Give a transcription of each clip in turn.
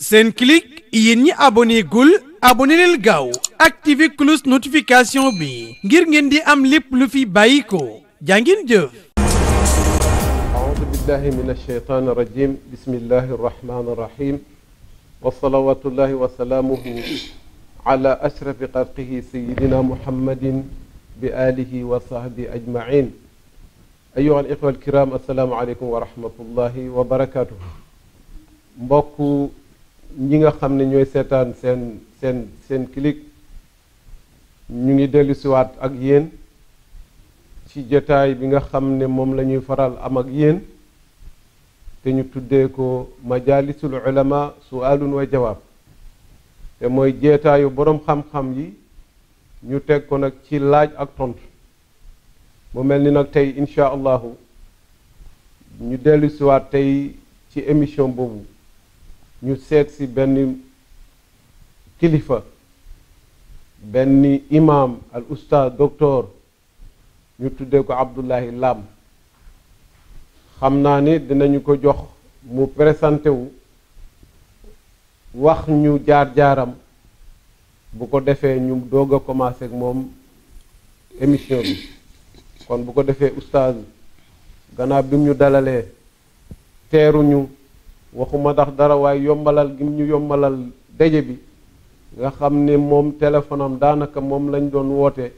Senclic yéen ñi abonné gul abonné leen gaaw activé cloche notification bi ngir ngeen di am lépp lu fi bàyyi ko jàngin jëf aoudu billahi min alsheytan irrajim bismillahi arrahmani irrahim wa salawatullahi wa salaamuhu ala ashrafi xalqihi sayidina muhammadin bi alihi wa sahbi ajmain ayoha al ixwa alkiram assalaamu aleykum wa rahmatullahi wa barakatuh mbokk ñi nga xam ne ñooy seetaan seen seen seen clic ñu ngi dellusiwaat ak yéen ci jotaay bi nga xam ne moom lañuy faral am ak yéen te ñu tuddee ko majalisul ulama sualun wa jawaab te mooy jeetaayu boroom xam-xam yi ñu teg ko nag ci laaj ak tontu mu mel ni nag tey incha allahu ñu dellusiwaat tey ci émission boobu ñu seet si benn kilifa benn imam al oustaz docteur ñu tuddee ko Abdoulahi Lam xam naa ni dinañu ko jox mu présenté wu wax ñu jaar-jaaram bu ko defee ñu doog a commencé moom émission kon bu ko defee oustaz gannaaw bi ñu dalalee teeruñu waxuma ndax dara waaye yombalal gi ñu yombalal daje bi nga xam ne moom téléphone am daanaka moom lañ doon woote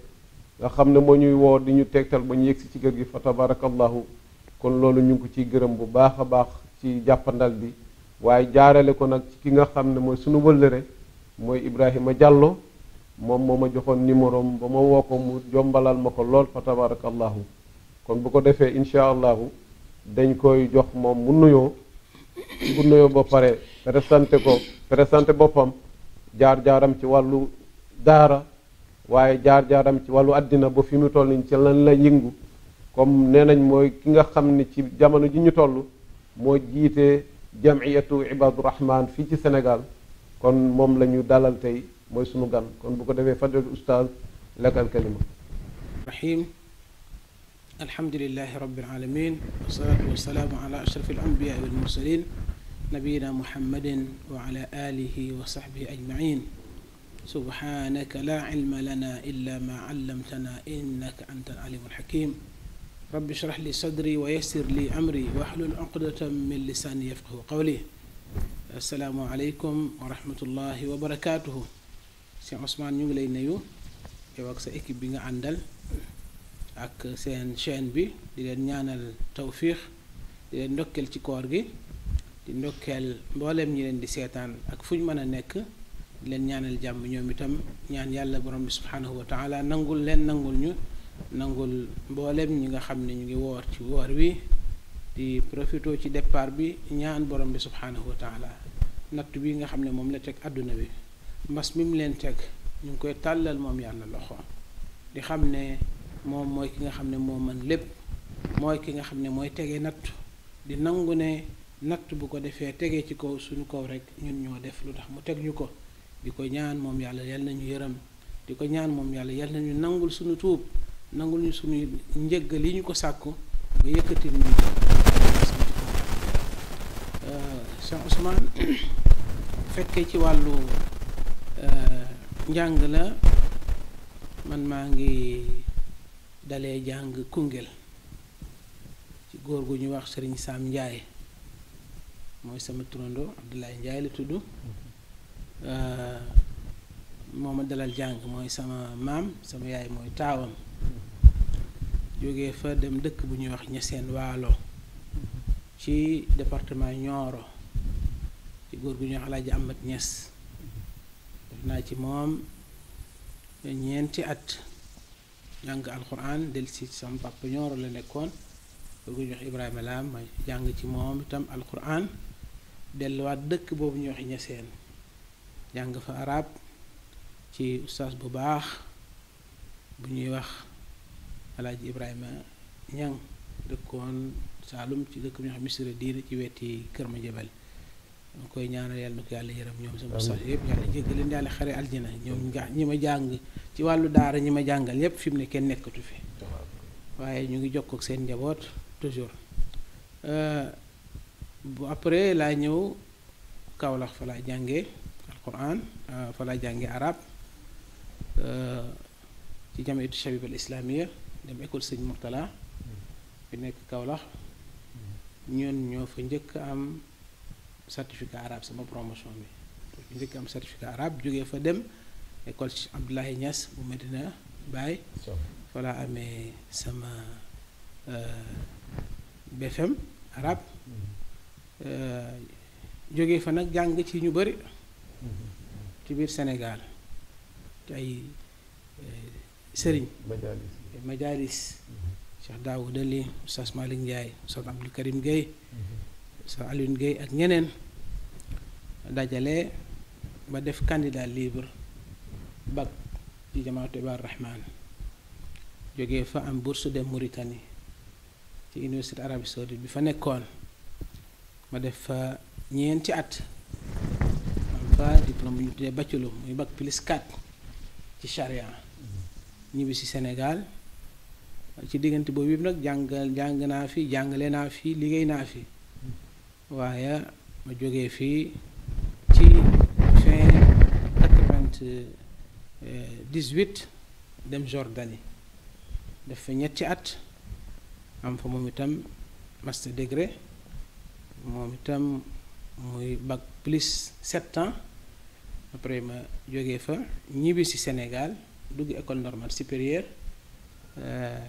nga xam ne moo ñuy woo di ñu tegtal ba ñu yegsi ci kër gi fa tabarakallahu kon loolu ñu ngi ko ciy gërëm bu baax a baax ci jàppandal bi waaye jaarale ko nag ki nga xam ne mooy sunu wëllëre mooy Ibrahima jàlloo moom moo ma joxoon numéro ba ma woo ko mu jombalal ma ko lool fa tabarakallahu kon bu ko defee incha allahu dañ koy jox moom mu nuyoo su ko nuyoo ba pare présenté ko présenté boppam jaar-jaaram ci wàllu daara waaye jaar-jaaram ci wàllu àddina ba fi mu toll nii ci lan la yëngu comme nee nañ mooy ki nga xam ni ci jamono ji ñu toll moo jiite jamiyatu ibadu rahman fii ci senegal kon moom lañuy ñu dalal mooy sunu gan kon bu ko defee fadel oustaz lekkal kalima alhamdulilahi rabbil alamin wasalaatu wasalaamu ala ashraf al anbiya wal mursalin nabiyina muhammadin wa ala alihi wa sahbihi ajmain subhanaka la ilma lana illa ma allamtana innaka anta al alim al hakim rabbi shrah li sadri wa yassir li amri wahlul uqdatan min lisani yafqahu qawli assalaamu aleykum wa rahmatullahi wa barakatuhu si Ousmane ñu ngi lay nuyu yow ak sa équipe bi nga àndal ak seen chaîne bi di leen ñaanal tawfiix di leen ndokkeel ci koor gi di ndokkeel mbooleem ñi leen di seetaan ak fu ñu mën a nekk di leen ñaanal jàmm ñoom itam ñaan yàlla borom bi subhaanahu wa taala nangul leen nangul ñu nangul mbooleem ñi nga xam ne ñu ngi woor ci woor wi di profito ci départ bi ñaan borom bi subhaanahu wa taala natt bi nga xam ne moom la teg àdduna bi mbas mi mu leen teg ñu ngi koy tàllal moom yàlla loxo di xam ne moom mooy ki nga xam ne moo man lépp mooy ki nga xam ne mooy tege natt di nangu ne natt bu ko defee tege ci kaw suñu kaw rek ñun ñoo def lu tax mu teg ñu ko di ko ñaan moom yàlla yal nañu yërëm di ko ñaan moom yàlla yal nañu nangul suñu tuub nangul suñu njëgg li ñu ko sàkku ba yëkkati ñu euh, Cheikh fekkee ci wàllu euh, njàng la man maa ngi dalee jàng Koungheul ci góor gu ñuy wax sëriñ Sam Ndiaye mooy sama turando Abdoulaye njaay la tudd euh, moo ma dalal jàng mooy sama maam sama yaay mooy taawam jógee fa dem dëkk bu ñuy wax Niassène Waalo ci département Nioro ci góor gu ñuy wax Alaaji Amat ñes def naa ci moom ñeenti at jàng alxuraan del si sama papa ñooro la nekkoon boo ko jox Ibrahima Lam ma jàng ci moom itam alxuraan delluwaat dëkk boobu ñuy wax ñaseen jàng fa arab ci ustaas bu baax bu ñuy wax alaaji Ibrahima Ñang dëkkoon Saalum ci dëkk bu ñuy wax misra diina ci weti Kër Madiabel ñu koy ñaanal yàlla na ko yàlla yërëm ñoom sama sax yëpp yàlla jéggal leen yàlla xare aljina ñoom nga ñi ma jàng ci wàllu daara ñi ma jàngal yépp fi mu ne kenn nekkatu fi waaye ñu ngi jokk ak seen njaboot toujours euh, bu après laa ñëw Kaolack fa laa jànge alquran euh, fa laa jànge arab euh, ci jamiatu shabib al islamia dem école sëñ Mourtala bi nekk kawlax ñun ñoo fa njëkk am certificat arabe sama promotion bi njëkk am certificat arabe jógee fa dem école Abdoulaye Niass bu Medina Baye voilà amee sama euh, BFM arabe mm-hmm. euh, jógee fa nag jàng ci ñu bëri mm-hmm. ci biir Sénégal ay euh, sëriñ majalis mm-hmm. Cheikh Daouda Li Oustaz Malick Ndiaye Oustaz Karim Gueye professeur Alioune Guèye ak ñeneen dajale ba def candidat libre bac ci jamaatu Ibad Rahman jógee fa am bourse dem Mauritanie ci université Arabie Saoudite bi fa nekkoon ma def fa ñeenti at am fa diplôme bu ñu tuddee bachelor muy bac plus 4 ci charia ñibbi si Sénégal ci diggante boobu yëpp nag jàngal jàng naa fi jàngale naa fi liggéey naa fi waaye ma jógee fii ci fin quatre-vingt-dix-huit dem Jordanie def fa ñetti at am fa moom itam master degré moom itam muy bac plus sept ans après ma jógee fa ñibbi ci Sénégal dugg école normale supérieure euh,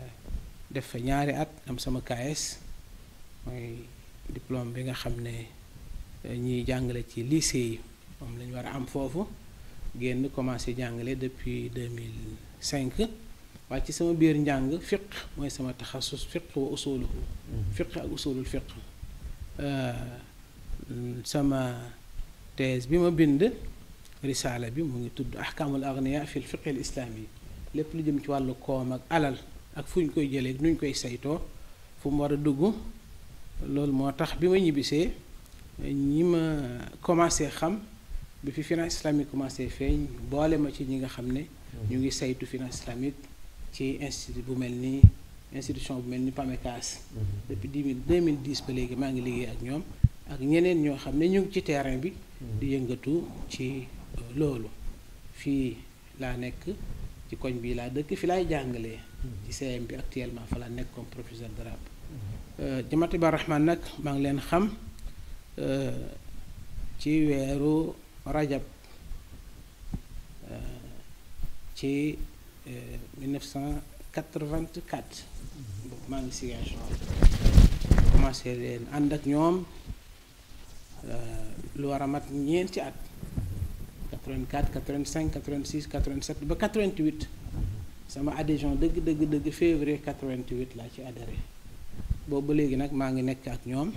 def fa ñaari at am sama KS mooy diplôme bi nga xam ne eh, ñuy jàngale ci lycée yi moom lañu war a am foofu génn commencé jàngale depuis 2005 waaye ci sama biir njàng fiq mooy sama taxasus fiq wa usuluhu mm-hmm. fiq ak euh, sama thèse bi ma bind risaala bi mu ngi tudd ahkaamul agniya fil fiq al islaami lépp lu jëm ci wàllu koom ak alal ak fu ñu koy jëlee nuñ koy saytoo fu mu war a dugg loolu moo tax bi ma ñibbisee ñi ma commencé xam bi fi finance islamique commencé feeñ boole ma ci ñi nga xam ne mm-hmm. ñu ngi saytu finance islamique ci institut bu mel ni institution bu mel ni PAMECAS mm-hmm. depuis 2010 ba léegi maa ngi liggéey ak ñoom ak ñeneen ñoo xam ne ñu ngi ci terrain bi mm-hmm. di yëngatu ci euh, loolu fii laa nekk ci koñ bi laa dëkk fi laay jàngalee ci CM bi actuellement fa laa nekk comme professeur d'arabe jamaat euh, Ibaadu Rahmaan nag maa ngi leen xam euh, ci weeru rajab euh, ci 1984 boobu maa ngi sigation commencé leen ànd ak ñoom lu war a mat ñeenti at 84 85 86 87 ba 88 sama adhésion dëgg dëgg dëgg février 88 laa ci adhéré boobu ba léegi nag maa ngi nekk ak ñoom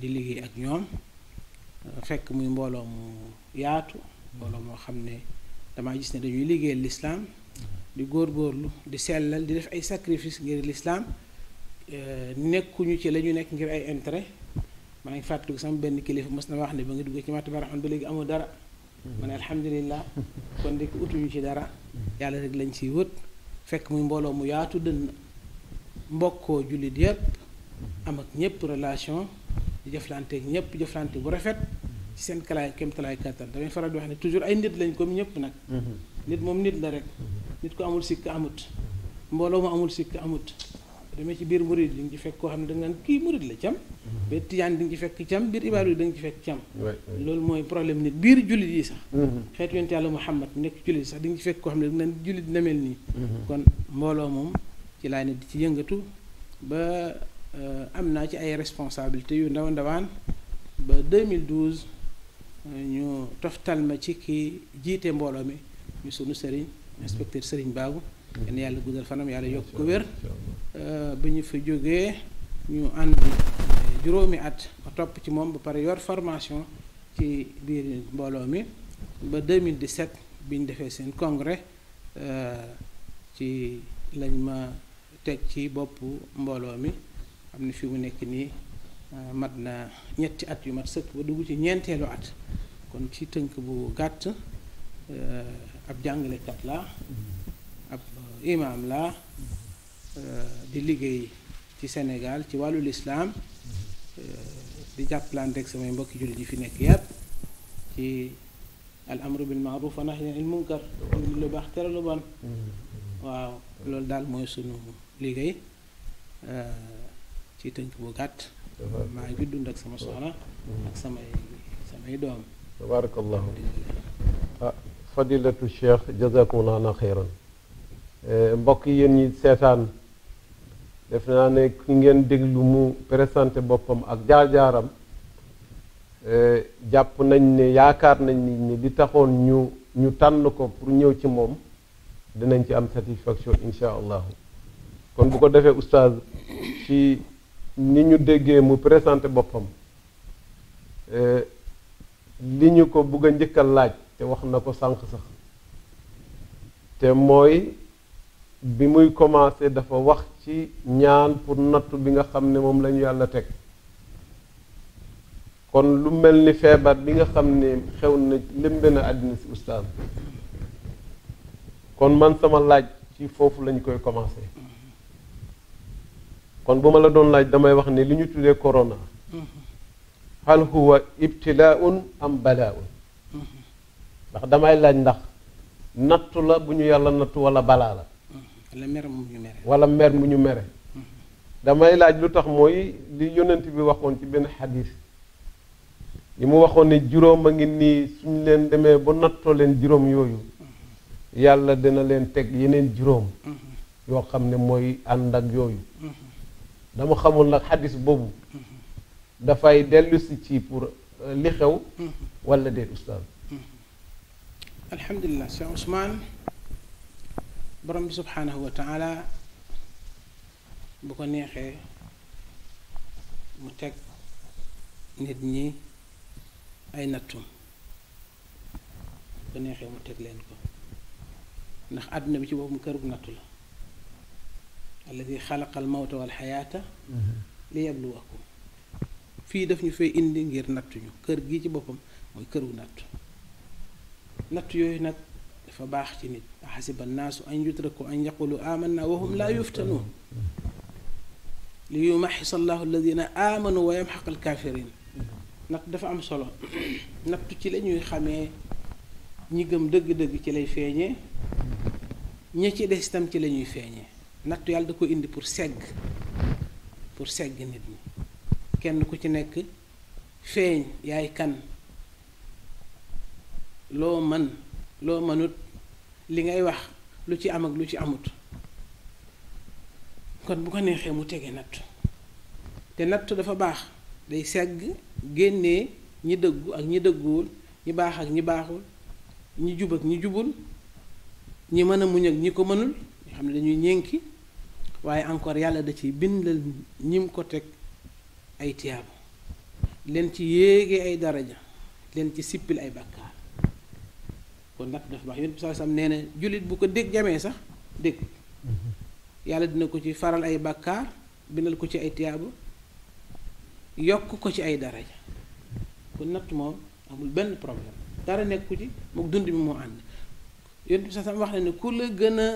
di liggéey ak ñoom fekk muy mbooloo mu yaatu mbooloo moo xam ne damaa gis ne dañuy liggéeyal lislaam di góorgóorlu di sellal di def ay sacrifice ngir lislaam eh, nekkuñu ci la ñu nekk ngir ay maa ngi fàttaliku sama benn kilifa mos na wax ne ba nga duggee ci màtt baraxam ba léegi amul dara ma ne alhamdulilah kon ndekk utuñu ci dara yàlla rek lañ ciy wët fekk muy mbooloo mu yaatu dënn mbokkoo jullit yépp am ak ñëpp relation di jëflanteeg ñëpp jëflante bu rafet ci seen kalaay kem talaay kattan damay faral di wax ne toujours ay nit lañ comme ñëpp nag mhm. nit moom nit la rek nit ko amul sikk amut mbooloo mu amul sikk amut demee ci biir murid di fekk koo xam ne da nga kii murid la cam mhm. biir tijaan di fekk cam biir ibaadu da nga fekk cam loolu mooy problème nit biir jullit yi sax mhm. xeetu yonent yàlla Muhammad nekk jullit sax di nga ci fekk koo xam ne da nga naan jullit na mel nii kon mbooloo moom ci laa ne di ci yëngatu ba Euh, am naa ci ay responsabilités yu ndaw ndawaan ba 2012 euh, ñu toftal ma ci ki jiite mbooloo mi ñu sunu sëriñ inspecteur sëriñ Baabu kenn yàlla guddal fanam yàlla yokk ko wér euh, bi ñu fi jógee ñu ànd juróomi at ma topp ci moom ba pare yor formation ci biir mbooloo mi ba 2017 bi ñu defee seen congrès ci lañ ma teg ci boppu mbooloo mi am na fi mu nekk nii euh, mat na ñetti at yu mat sëkk ba dugg ci ñeenteelu at kon ci tënk bu gàtt euh, ab jàngalekat la ab imaam laa euh, di liggéey ci senegal ci wàllu lislaam di jàppalante ak samay mbokki jullit yi fi nekk yàpp ci al amru bil maaruf wa nahyi munkar lu baax tere lu bon mm-hmm. waaw loolu daal mooy sunu liggéey ci tënk bu gàtt maa ngi dund ak sama soxna mm-hmm. ak samay samay doom tabarakallahu ah fadilatu cheikh jazakumullahu xayran eh, mbokk yi yéen ñi seetaan def naa ne ki ngeen déglu mu présenté boppam ak jaar-jaaram eh, jàpp nañ ne yaakaar nañ ni di taxoon ñu ñu tànn ko pour ñëw ci moom dinañ ci am satisfaction insha allahu kon bu ko defee oustaz ci ni ñu déggee mu présenté boppam e, li ñu ko bugg a njëkkal laaj te wax na ko sànq sax te mooy bi muy commencé dafa wax ci ñaan pour nattu bi nga xam ne moom la yàlla teg kon lu mel ni feebar bi nga xam ne xew na lëmbe na àddina si oustaz kon man sama laaj ci foofu lañu koy commencé kon bu ma la doon laaj damay wax ni li ñu tuddee corona hal huwa ibtilaun am balaaun ndax damay laaj ndax nattu la bu ñu yàlla nattu walla balaa la wala mer mu ñu mere wala mer mu ñu mere damay laaj lu tax mooy li yonent bi waxoon ci benn xadis li mu waxoon ni juróom a ngi nii suñ leen demee ba nattoo leen juróom yooyu yàlla dina leen teg yeneen juróom uhuh. yoo xam ne mooy ànd ak yooyu uhuh. dama xamul nag xaddis boobu dafay dellusi ci pour euh, li xew wala déet ustaaz alhamdulilah Cheikh Ousmane borom bi subhaanahu wa taala bu ko neexee mu teg nit ñi ay nattum bu ko neexee mu teg leen ko ndax àdduna bi ci kër kërug nattu la alladi xalaqa al mawta wal xayaata mhm. li yabluwakum fii daf ñu fee indi ngir nattuñu kër gi ci boppam mooy këru nattu nattu yooyu nag dafa baax ci nit axasiba annaasu an yutraku an yaqulu amanna wa hum laa yuftanuun li yumaxisa allahu alladina amanu wa yamxaq alkaafirin natt dafa am solo nattu ci lañuy ñuy xamee ñi gëm dëgg-dëgg ci lay feeñee ña ci des itam ci lañuy ñuy feeñee nattu yàlla da ko indi pour segg pour segg nit mi kenn ku ci nekk feeñ yaay kan loo mën loo mënut li ngay wax lu ci am ak lu ci amut kon bu ko neexee mu tege nattu te nattu dafa baax day segg génnee ñi dëggu ak ñi dëgguwul ñi baax ak ñi baaxul ñi jub ak ñi jubul ñi mën a muñ ak ñi ko mënul ñoo xam ne dañuy ñénki waaye encore yàlla da ci bindal ñim ko teg ay tiyaabo leen ci yéegee ay daraja leen ci sippil ay bàkkaar kon nag dafa baax yonent bi sallallahu alayhi nee na jullit bu ko dégg jamee sax dégg yàlla dina ko ci faral ay bàkkaar bindal ko ci ay tiyaabo yokk ko ci ay daraja kon natt moom amul benn problème dara nekku ci mook dund bi moo ànd yonent bi sallallahu wax na ne ku la gën a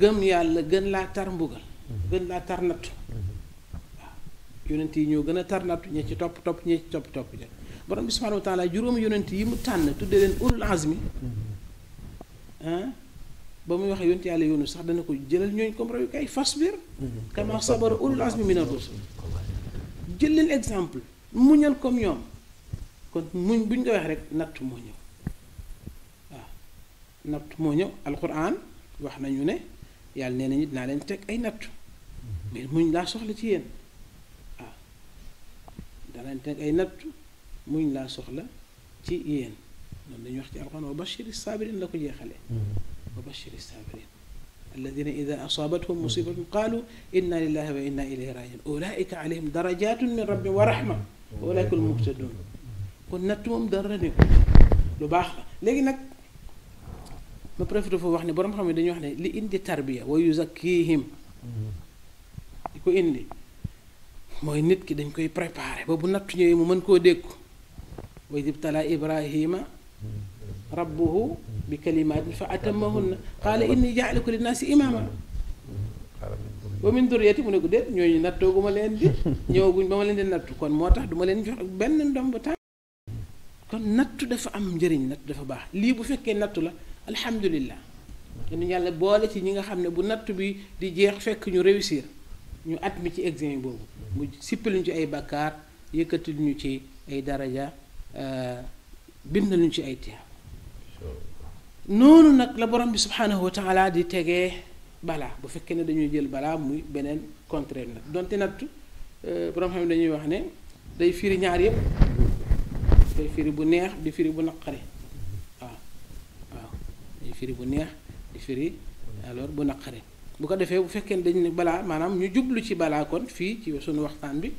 gëm yàlla gën laa tar mbugal gën laa tar nattu waaw yonent yi ñoo gën a tar nattu ñee ci topp topp ñee ci topp topp ña borom bi subhaanahu wa juróomi yonent yi mu tànn tuddee leen ulul mi ba muy waxee yonent yàlla yoonu sax dana ko jëlal ñooñ comme royukaay fasbir kama sabara ulul azmi mina rusul jël leen exemple muñal comme ñoom kon muñ buñ ñu ko rek nattu moo ñëw waaw nattu moo ñëw alquran wax nañu ne yàlla nee nañu naa leen teg ay nattu mais muñ laa soxla ci yéen waaw ah. danañ teg ay nattu muñ laa soxla ci yéen noonu dañuy wax ci alxuraan wa bashiri sabirin la ko jeexale mm-hmm. wa bashiri sabirin alladina ida asaabathum musibatun qaalu inna lillahi wa inna ilayhi rajiun ulaika alayhim darajatun min rabbi wa rahma wa ulaika al muhtadun kon natt moom dara ne lu baax la léegi nag ma profité foofu wax ne borom xam ne dañuy wax ne li indi tarbiya wa yuzakkihim mm-hmm. ko indi mooy nit ki dañ koy préparer ba bu nattu ñëwee mu mën koo dékku wa idh ibtalaa ibrahima rabbuhu bi kalimaatin fa atammahunna qaala inni jaaliku linnaasi imaama wa min duriyati mu ne ko déet ñooñu nattooguma leen di ñëwaguñ ba ma leen di nattu kon moo tax duma leen jox benn ndomb tànk kon nattu dafa am njëriñ nattu dafa baax lii bu fekkee nattu la alhamdulillah dañu yàlla boole ci ñi nga xam ne bu nattu bi di jeex fekk ñu réussir ñu at mi ci examen boobu mu sippi sippaluñ ci ay bakkaar yëkkatilu ñu ci ay daraja euh, bindaluñ ci ay tiyaab noonu nag la borom bi subhaanahu wa taala di tegee balaa bu fekkee ne dañuy jël balaa muy beneen contraire nag donte nattu euh, borom xam ne dañuy wax ne day firi ñaar yépp day firi bu neex di firi bu naqari waaw waaw day firi bu neex di firi alors bu naqari bu ko defee bu fekkee ne dañ ne balaa maanaam ñu jublu ci balaa kon fii ci suñu waxtaan bi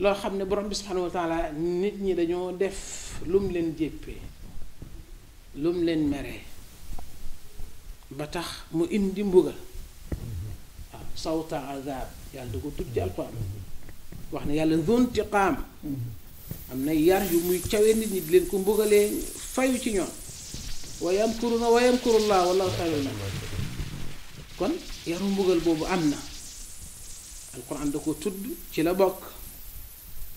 loo xam ne borom bi subhanahu wa taala nit ñi dañoo def lum leen jéppee lum leen meree ba tax mu indi mbugal waaw sawta azab yàlla da ko tudd ci alquran wax ne yàlla zontiqaam am na yar yu muy cawee nit ñi leen ko mbugalee fayu ci ñoom wa yamkuruna wa yamkurullah wallahu xayrul kon yaru mbugal boobu am na alquran da ko tudd ci la bokk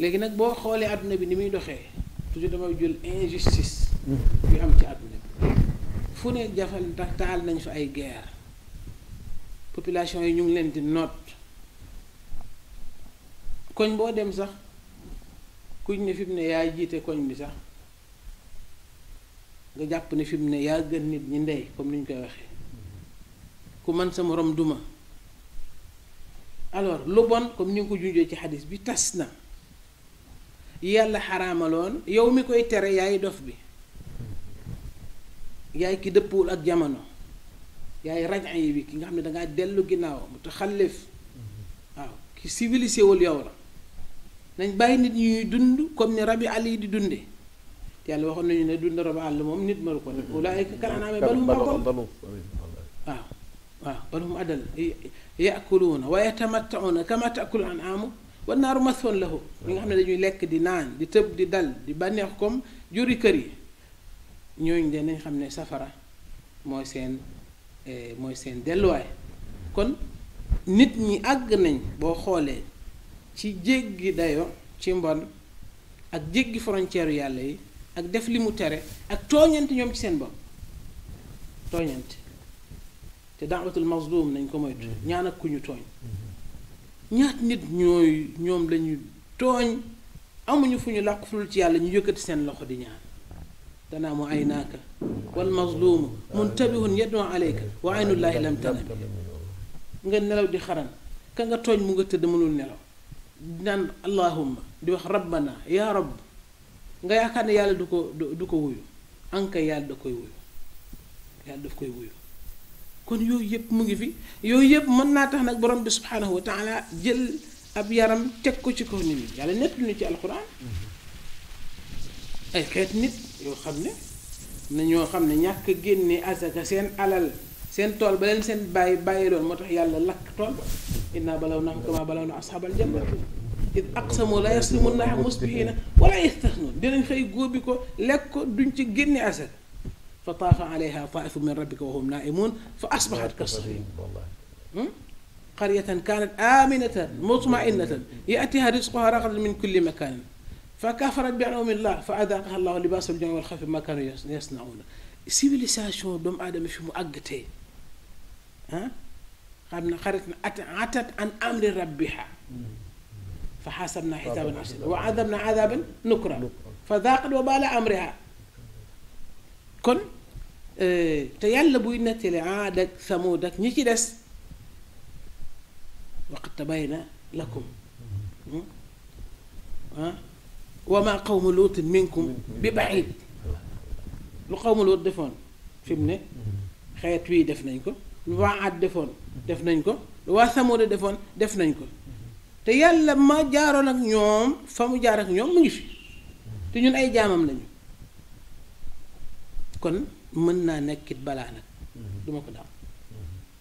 léegi nag boo xoolee àdduna bi ni muy doxee toujours damay jul injustice yu am ci àdduna bi fu ne jafal ndax taal nañ fa ay guerre population yi ñu ngi leen di noot koñ boo dem sax kuñ ne fi mu ne yaa jiite koñ bi sax nga jàpp ne fi mu ne yaa gën nit ñi ndey comme ni ñu koy waxee ku man sa moroom duma alors lu bon comme ni ngi ko junjee ci xadis bi tas na yàlla xaraamaloon yow mi koy tere yaay dof bi yaay ki dëppul ak jamono yaay raj yi bi ki nga xam ne dangaa dellu ginnaaw mu taxallif waaw ki civilisé wul yow la nañ bàyyi nit ñuy dund comme ni rabi àll yi di dunde yàlla waxoon nañu ne dund rabi àll moom nit maru ko def walla ay ka kanaanaamee balum waaw bal hum adal waaye wa yatamattauna kama taakul an amu wa naaru masoon lahu ñi nga xam ne dañuy lekk di naan di tëb di dal di bànneex comme juri kër yi ñooñu de nañ xam ne safara mooy seen eh, mooy seen delluwaay kon nit ñi àgg nañ boo xoolee ci jéggi dayo ci mbon ak jéggi frontière yàlla yi ak def limu tere ak tooñante ñoom ci seen bopp tooñante te daawatul mazlum nañ ko moytu mm-hmm. ñaan ak ku ñu tooñ ñaat nit ñooy ñoom lañu tooñ amuñu fu ñu làqu fulul ci yàlla ñu yëkkati seen loxo di ñaan tanaamu aynaaka wal mazluumu muntabihun yaddu aleyka wa aynullaahi lam tanam nga nelaw di xaran ka nga tooñ mu nga tëdd mënul nelaw di naan allahumma di wax rabbana yaa rabb nga yaakaar ne yàlla du ko du ko wuyu anka yàlla da koy wuyu yàlla daf koy wuyu kon yooyu yëpp mu ngi fi yooyu yëpp mën naa tax nag boroom bi subhaanahu wa taala jël ab yaram teg ko ci kaw nit ñi yàlla nekk ni ci alxuraan ay xeet nit yoo xam ne na ñoo xam ne ñàkk génne asaka seen alal seen tool ba leen seen bàyyi bàyyi loon moo tax yàlla lakk tool ba inna balaw naam kama balaw na asxaabal jannah id aqsamu la yasrimunnaha musbihina wala yastaxnuun dinañ xëy góobi ko lekk ko duñ ci génne asaka fa taafa alayha taaifun min rabbika wa hum naaimuun fa asbaxat kasahim hmm? qaryatan kaanat aaminatan mutmainatan yaatiha risquha ragadan min kulli makanin fa kafarat bi anumi llah fa adaaqaha llahu libaas al juu'i wal xawfi ma kaanu yasnauna civilisation doomu aadama fi mu àgg tey ah xam na xarit na at atat an amri rabbiha fa xaasab naa xisaaban asiiran wa adab naa adaban nukra fa daaqat wa baala amriha kon Euh, te yàlla buy nettali Aad ak Samuud ak ñi ci des waqad tabayyana lakum hmm? ah? wa maa qawmu Luutin minkum bi ba'iid lu xaw ma Luut defoon fi ne xeet wii def nañ ko lu waa Aad defoon def nañ ko lu waa Samuud defoon def nañ ko te yàlla ma jaaroon ak ñoom fa mu jaar ak ñoom mu ngi fi te ñun ay jaamam lañu kon mën naa nekkit balaa nag mm-hmm. du ko daam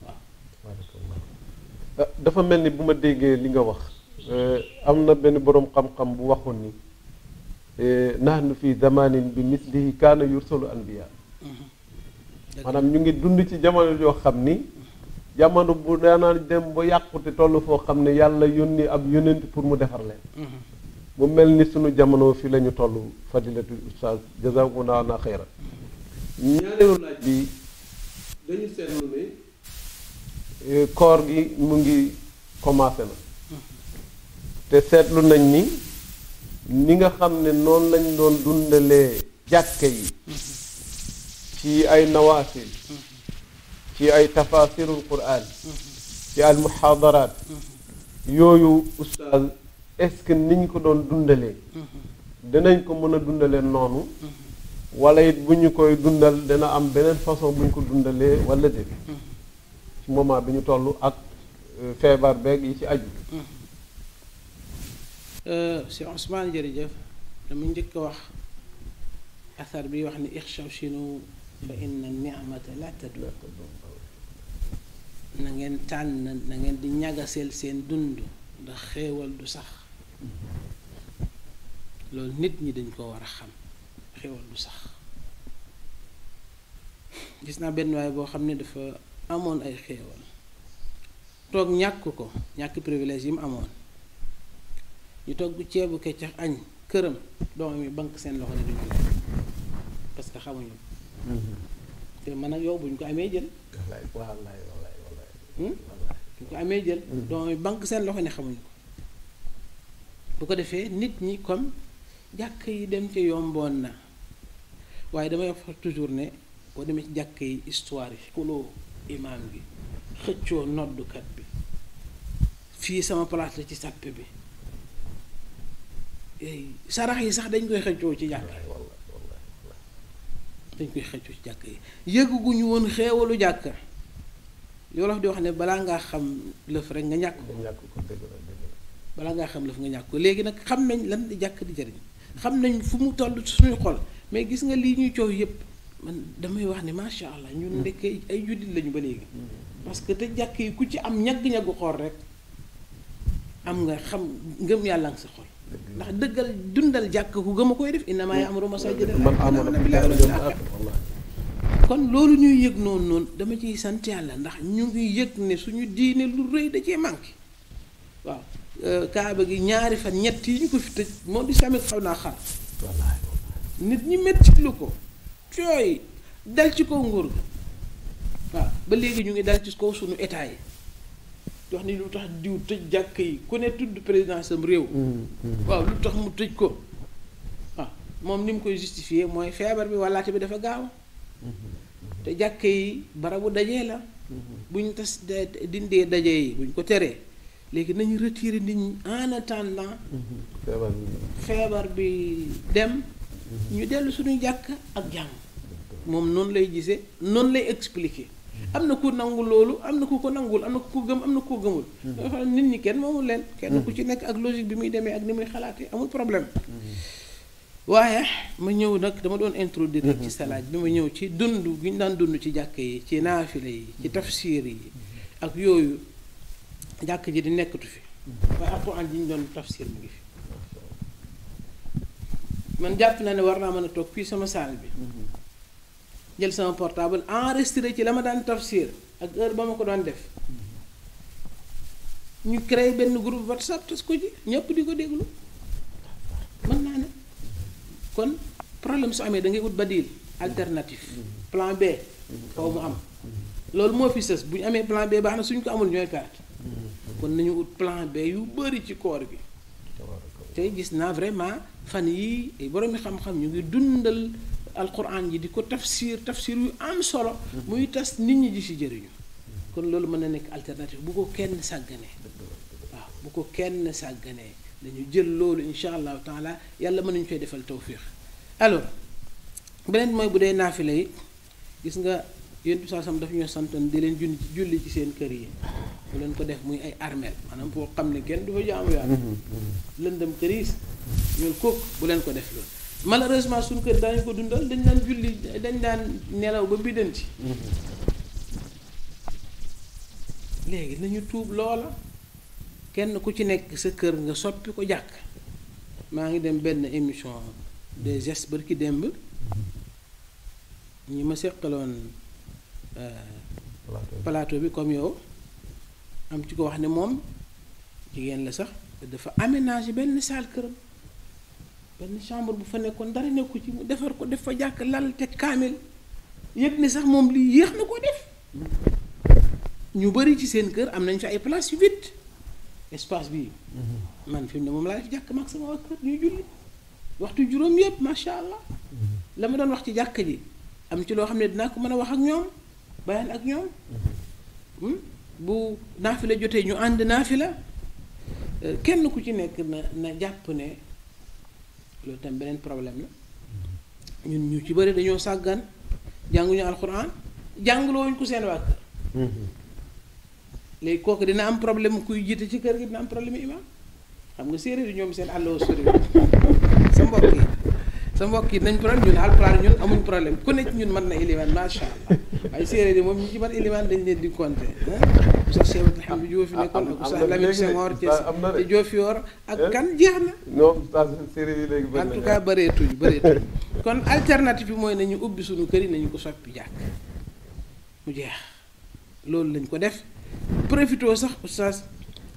mm-hmm. ah, dafa mel ni bu ma déggee li nga wax eh, am na benn boroom xam-xam bu waxoon ni eh, nahnu fii zamanin bi mislihi kaana yursalu anbiya mm-hmm. maanaam ñu ngi dund ci jamono joo xam ni jamono bu daanaa dem ba yàqute toll foo xam ne yàlla yónni ab yónent pour mu defar leen mu mel ni sunu jamono fi la ñu toll fadilatu ustaz jazakumullahu xayran ñaareelu laaj bi dañu seetlu ne euh, koor gi mu ngi commencé la te seetlu nañ ni ni nga xam ne noonu lañ doon dundalee jàkka yi ci ay nawaasil ci ay tafasirul quran ci al muxaadaraat yooyu oustaz est-ce que niñ ko doon dundalee dinañ ko mën a dundalee noonu wala it bu ñu koy dundal dana am beneen façon bu ñu ko dundalee wala dé ci moment bi ñu toll ak euh, feebar beeg yi ci aju si euh, Ousmane jërëjëf dama njëkk wax asar bi wax ni ixshaw shinu fa inna ni'mata la tadum na ngeen tànn na na ngeen di ñagaseel seen dund ndax xéewal du sax loolu nit ñi dañ ko war a xam xéwal du sax gis naa benn waay boo xam ne dafa amoon ay xéewal toog ñàkk ko ñàkk privilège yi mu amoon ñu togg ceebu keccax añ këram doomam yi bank seen loxo ne duñu parce que xamuñu mm-hmm. te man ak yow bu ñu ko amee jël hmm? ñu ko amee jël mm-hmm. doomam yi bank seen loxo ne xamuñu ko bu ko defee nit ñi comme jàkk yi dem ci yomboon na waaye damay wax toujours ne boo demee ci jàkk yi histoire yi xuloo imaam gi xëccoo noddukat bi fii sama place la ci sàppe bi sarax yi sax dañ koy xëccoo ci jàkk yi dañ koy xëccoo jàkk yi yëgu gu ñu woon xeewalu jàkk loolu di wax ne balaa ngaa xam lëf rek nga ñàkk ko balaa ngaa xam lëf nga ñàkk ko léegi nag xam nañ lan di jàkk di jëriñ xam nañ fu mu toll suñu xol mais gis nga lii ñuy coow yëpp man damay wax ne macha allah ñun mm. ndekk ay jullit lañu ba léegi. parce que te jàkk yi ku ci am ñagg-ñaggu xool rek am nga xam ngëm yàlla nga si xool ndax dëggal dundal jàkk ku gëm a koy def innamaa ya'muru masaajida kon loolu ñuy yëg noonu noonu dama ciy sant yàlla ndax ñu ngi yëg ne suñu diinee lu rëy da cee manqué waaw euh, kaaba gi ñaari fan ñett yi ñu ko fi tëj moom di samit xaw naa xar nit ñi métti ko cooy dal ci kaw nguur waaw ba léegi ñu ngi dal ci kow suñu état yi wax ni lu tax diw tëj jàkk yi ku ne tudd président sam réew mm, mm. waaw lu tax mu tëj ko waaw moom ni mu koy justifier mooy feebar bi walaate bi dafa gaaw te jàkk yi barabu dajee la buñ ñu tas dindee dajee yi bu ko teree léegi nañu retirer nit ñi en attendant mm-hmm. feebar bi dem ñu dellu suñuy jàkk ak jàmm moom noonu lay gisee noonu lay expliquer am na ku nangu loolu am na ku ko nanguwul am na ku ko gëm am na ko gëmul. dafa nit ñi kenn moomul leen. kenn ku ci nekk ak logique bi muy demee ak ni muy xalaat xalaatee amul problème. waaye ma ñëw nag dama doon introduire rek ci salaaj bi ma ñëw ci dund gi ñu daan dund ci jàkk yi ci naafile yi ci tafsir yi ak yooyu jàkk ji di nekkatu fi waaye alxuraan ji ñu doon tafsir mu ngi fi man jàpp naa ne war naa mën a toog fii sama saal bi mhm. jël sama portable enregistré ci la ma daan tafsir ak heure ba ma ko daan def mhm. ñu créé benn groupe whatsapp tas ko ji ñëpp di ko déglu mën naa ne kon problème su amee da ngay ut badil alternative mhm. plan B faw mu am loolu moo fi sës bu ñu amee plan B baax na suñ ko amul ñooy perte kon nañu ut plan B yu bari ci koor bi tey gis naa vraiment fan yii ay boroomi xam-xam ñu ngi dundal alquran ji di ko tafsir tafsir yu am solo. muy tas nit ñi di ci jëriñu. kon loolu mën na nekk alternative bu ko kenn sàgganee. waaw bu ko kenn sàgganee dañu jël loolu incha allahu taala yàlla mën nañu koy defal tawfiq alors beneen mooy bu dee naafile yi gis nga. yéen bi saasam daf ñoo santoon di leen jun julli ci seen kër yi bu leen ko def muy ay armeel manam foo xam ne kenn du fa jaamu yàlla mhm, mhm. lëndëm këriis ñool ko bu leen ko def loolu malheureusement suñu kër dañ ko dundal dañ daan julli dañ daan nelaw ba biddanti mhm. léegi nañu tuub loola kenn ku ci nekk sa kër nga soppi ko jàkk maa ngi dem benn émission des gestes bërki démb ñi ma seqaloon plateau bi comme yow am ci ko wax ne moom jigéen la sax dafa aménagé benn salle këram benn chambre bu fa nekkoon dara nekku ci mu defar ko def fa jàkk lal te kaamil yëg ne sax moom lii yéex na ko def ñu bari ci seen kër am nañ fi ay place yu vide espace bi mhm. man fi ne moom laa def jàkk mag sama waa kër ñuy julli waxtu juróom yëpp macha allah mhm. la ma doon wax ci jàkk ji am ci loo xam ne dinaa ko mën a wax ak ñoom bayaan ak ñoom hmm? bu naafila jotee ñu ànd la euh, kenn ku ci nekk na na jàpp ne loolu tam beneen problème la ñun ñu ci bëri dañoo sàggan jànguñu alxuraan jànguloowuñ ko seen waa kër hmm. léegi kooku dina am problème kuy jiite ci kër gi dina am problème imaam xam nga séeréer yu ñoom seen àlloo sori sa mbokk yi sa mbokk yi nañ problème ñun alpulaar ñun amuñ problème ku nekk ñun man na ilimaan macha allah waaye séeréer yi moom ñi ci mën ilimaan dañ leen di compter sa Cheikh Abdoul Diouf fi ah, nekkoon ak Oustaz Lamine Senghor ci Diofior ak kan jeex na ñoom séeréer yi léegi en tout cas bëreetuñ bëreetuñ kon alternative bi mooy nañu ubbi suñu kër yi nañu ko soppi jàkk mu jeex loolu lañ ko def profitoo sax Oustaz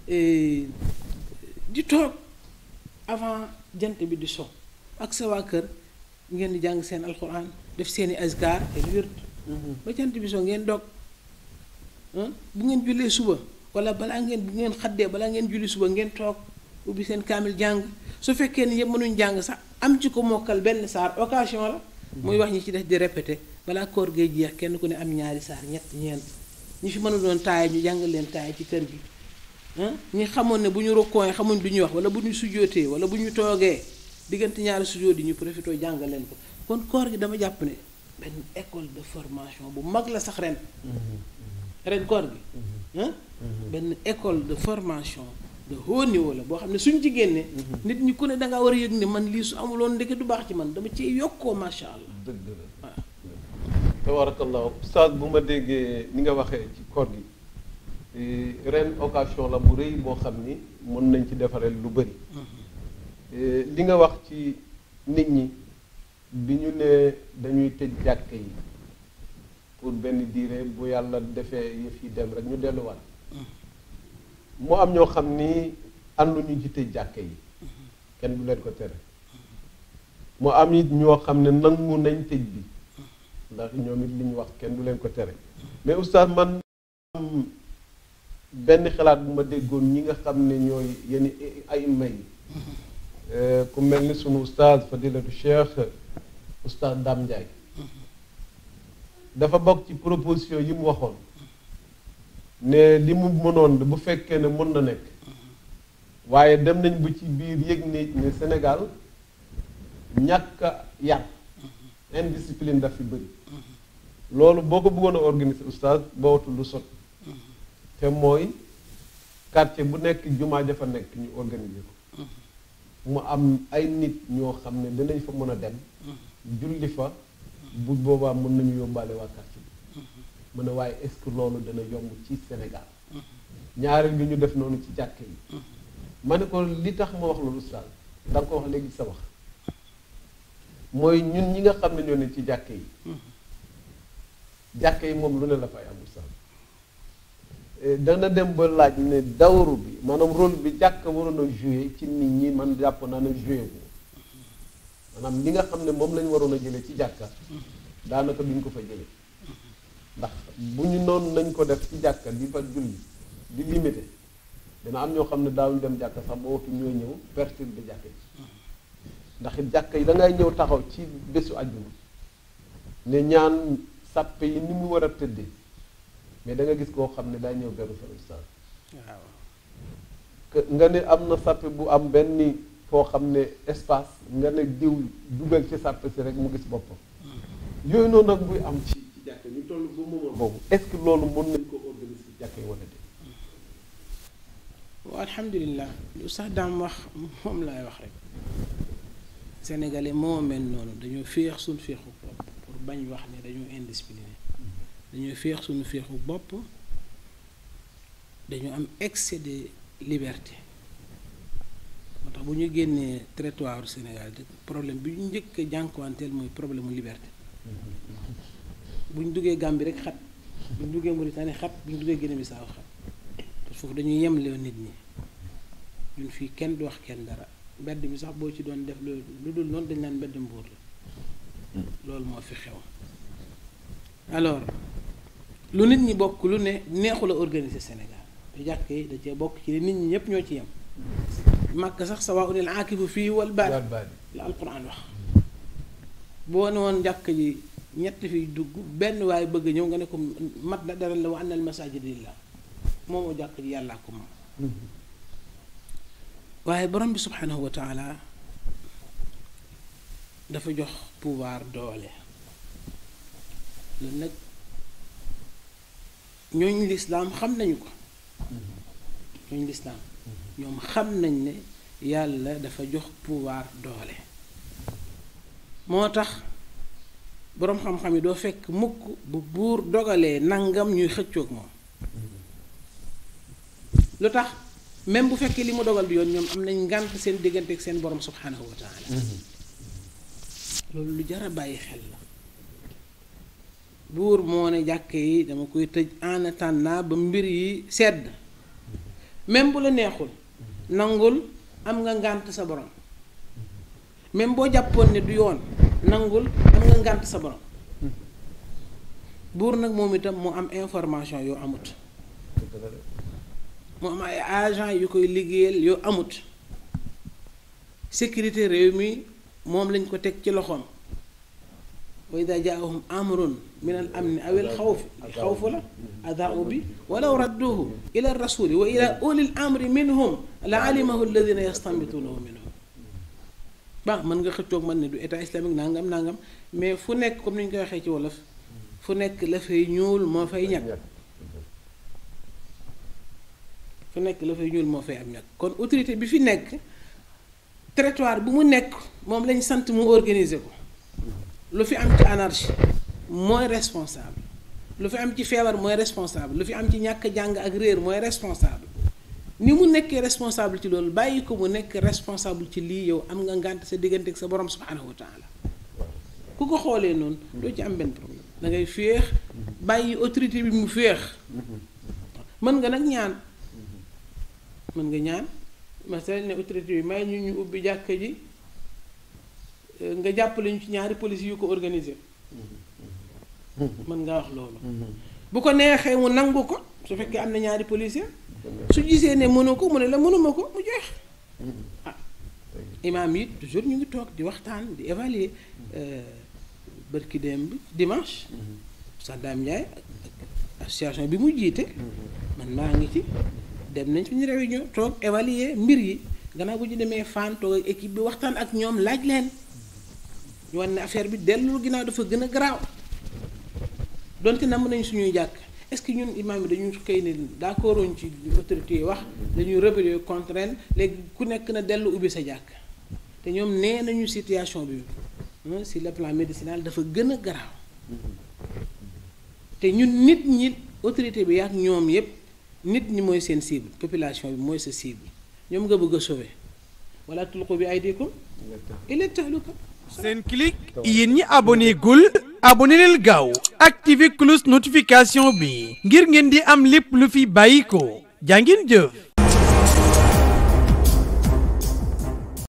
eh, di toog avant jant bi di so ak sa waa kër ngeen di jàng seen alxuraan def seeni i azkar ak mhm. ba jant bi soo ngeen dog bu ngeen jullee suba wala balaa ngeen bu ngeen xaddee balaa ngeen julli suba ngeen toog ubbi seen kaamil jàng su fekkee ni yëpp mënuñ jàng sax am ci ko mokkal benn saar occasion la mhm. muy wax ñi ci def di répété balaa koor gee jeex kenn ku ne am ñaari saar ñett ñeent ñi fi a doon taaya ñu jàng leen taaya ci kër gi ñu xamoon ne bu ñu rokkooy xamuñ du ñuy wax wala bu ñu sujootee wala bu ñu toogee diggante ñaari sujjóot yi ñu profité jàngal leen ko kon koor gi dama jàpp ne benn école de formation bu mag la sax ren mm-hmm. ren koor gi mm-hmm. Mm-hmm. benn école de formation de haut niveau boo xam ne suñ ci génnee nit ñi ku ne dangaa war a yëg ne man lii su amuloon ndeke du baax ci man dama ci yokkoo macha allah dëgg la tabarakallahu oustaz bu ma déggee ni nga waxee ci koor gi eh, ren occasion la bu rëy boo xam ne mën nañ ci defaree lu bëri Euh, li nga wax ci nit ñi bi ñu ne dañuy tëj jàkk yi pour benn diire bu yàlla defee yëf yi dem rek ñu delluwaat moo am ñoo xam ni ànduñu ñu jiite jàkk yi kenn du leen ko tere moo am it ñoo xam ne nangu nañ tëj bi ndax ñoom it li ñu wax kenn du leen ko tere mais oustaz man benn xalaat bu ma déggoon ñi nga xam ne ñooy yenn ay may Eh, ku mel ni sunu oustaz fadilatu cheikh oustaz Dame Ndiaye dafa bokk ci proposition yi mu waxoon ne li mu mënoon bu fekkee ne mën na nekk waaye dem nañ bu ci biir yëg ne senegal ñàkk yar indiscipline daf fi bëri loolu boo ko bëggoon a organiser oustaz boowatul lu sot te mooy quartier bu nekk jumaa jafa nekk ñu organiser mu am ay nit ñoo xam ne dinañ fa mën a dem mm-hmm. julli fa bu boobaa mën nañu yóbbaale waa quartier bi mm-hmm. mu ne waaye est-ce que loolu dana yomb ci Sénégal mm-hmm. ñaareel bi ñu def noonu ci jàkk yi ma ne ko li tax ma wax loolu ustaas da ko wax léegi sa wax mooy ñun ñi nga xam ne ñoo ne ci jàkk yi jàkk yi moom lu ne la fay am ustaas Eh, dana dem ba laaj ne dawru bi maanaam rôle bi jàkk waroon a joué ci nit ñi man jàpp naa ne joué ko maanaam li nga xam ne moom lañ waroon a jëlee ci jàkka daanaka duñ ko fa jëlee ndax bu ñu noonu nañ ko def ci jàkka di fa julli di limité dina am ñoo xam ne daawuñ dem jàkka sax ba waxtu ñoo ñëw perturbé jàkk ji ndax jàkka yi da ngay ñëw taxaw ci bésu àjjuma ne ñaan sàppe yi ni mu war a tëddee mais danga gis koo xam ne daa ñëw benn fan waaw nga ne am na sàppe bu am benn foo xam ne espace nga ne diw dugal ci sàppe si rek mu gis boppam hmm. yooyu noonu nag buy am ci ci jàkke ñu toll boobu est-ce que loolu mën nañ ko organiser jàkke wala de hmm. waaw alhamdulilah lu sax daam wax moom laay wax rek sénégalais moo mel noonu dañoo féex suñ féexu pour bañ wax ne dañoo indiscipliné dañuy feex suñu féexu bopp dañu am excès de liberté moo tax bu ñu génnee territoire Sénégal problème bi ñu njëkk a jànkuwanteel mooy problème mu liberté bu ñu duggee Gambie rek xat bu ñu duggee Mauritanie xat bu ñu duggee Guinée Bissau xat foofu dañuy yemloo nit ñi ñun fii kenn du wax kenn dara mbedd mi sax boo ci doon def lu dul noonu dañ naan mbedd mbuur hmm. loolu moo fi xew alors lu nit ñi bokk lu ne neexu la organiser Sénégal te jàkk yi da cee bokk ci nit ñi ñëpp ñoo ci yem màkk sax sa waa unil aakifu fii wal baad la alquran wax boo ne woon jàkk ji ñett fiy dugg benn waaye bëgg ñëw nga ne ko mat na dara la wa anna al masajid lillah moomoo jàkk ji yàllaa ko moom waaye borom bi subhanahu wa dafa jox pouvoir doole loolu nag ñooñu lislaam xam nañu ko ñooñu lislaam ñoom xam nañ ne yàlla dafa jox pouvoir doole moo tax boroom xam-xam yi doo fekk mukk bu buur dogalee nangam ñuy xëccook moom lu tax même bu fekkee li mu dogal du yoon ñoom am nañ ngànt seen diggante ak seen borom subhaanahu wa taala mm-hmm. loolu lu jar a bàyyi xel la buur moo ne jàkk yi dama koy tëj en attendant ba mbir yi sedd même bu la neexul nangul am nga ngànt sa borom même boo jàppoon ne du yoon nangul am nga ngànt sa borom buur nag moom itam mu am information yoo amut mu am agent yu koy liggéeyal yoo amut sécurité réew mi moom lañ ko teg ci loxoom wa ida jaahum amrun min al amni aw al xawfi al xawfu la adaau bi walaw radduhu ila rasuli wa ila ulil amri minhum la alimahu alladina yastambituunahu minhum baax mën nga xëccoog man ne du état islamique nangam nangam mais fu nekk comme ni ñu koy waxee ci wolof fu nekk la fay ñuul moo fay ñag fu nekk la fay ñuul moo fay am ñag kon autorité bi fi nekk territoire bu mu nekk moom lañ sant mu organise ko lu fi am ci anarchie mooy responsable lu fi am ci feebar mooy responsable lu fi am ci ñàkk jàng ak réer mooy responsable ni mu nekkee responsable ci loolu bàyyi ko mu nekk responsable ci lii yow am nga ngànt sa diggante ak sa borom subhaanahu wa taala ku ko xoolee noonu doo ci am benn problème da ngay féex bàyyi autorité bi mu féex mën nga nag ñaan mën nga ñaan masalan ne autorité bi may ñu ñu ubbi jàkka ji nga jàppale ñu ci ñaari police yu ko organisé mën ngaa wax loolu bu ko neexee mu nangu ko su fekkee am na ñaari policier su gisee ne mënu ko mu ne la mënuma ko mu jeex ah imaam yi toujours ñu ngi toog di waxtaan di évaluer euh, bërki démb dimanche Sadam Ndiaye association bi mu jiite man maa ngi ci dem nañ suñu réunion toog évalue mbir yi gannaaw bu ñu demee fan toog ak équipe bi waxtaan ak ñoom laaj leen ñu wan ne affaire bi dellul ginnaaw dafa gën a garaaw donte namm nañ suñuy jàkk est-ce que ñun imaam yi dañu xëy ne d'accord wuñ ci autorité yi wax dañuy rebelle contre ren léegi ku nekk na dellu ubbi sa jàkk te ñoom nee nañu situation bi si le plan médicinal dafa gën a garaaw te ñun nit ñi autorité bi ak ñoom yépp nit ñi mooy seen cible population bi mooy sa cible ñoom nga bëgg a sauver wala tulqu bi aydikum ila Senclic yéen ñi abonné gul abonné leen gaaw activé cloche notification bi ngir ngeen di am lépp lu fi bàyyi ko jaa ngeen jëf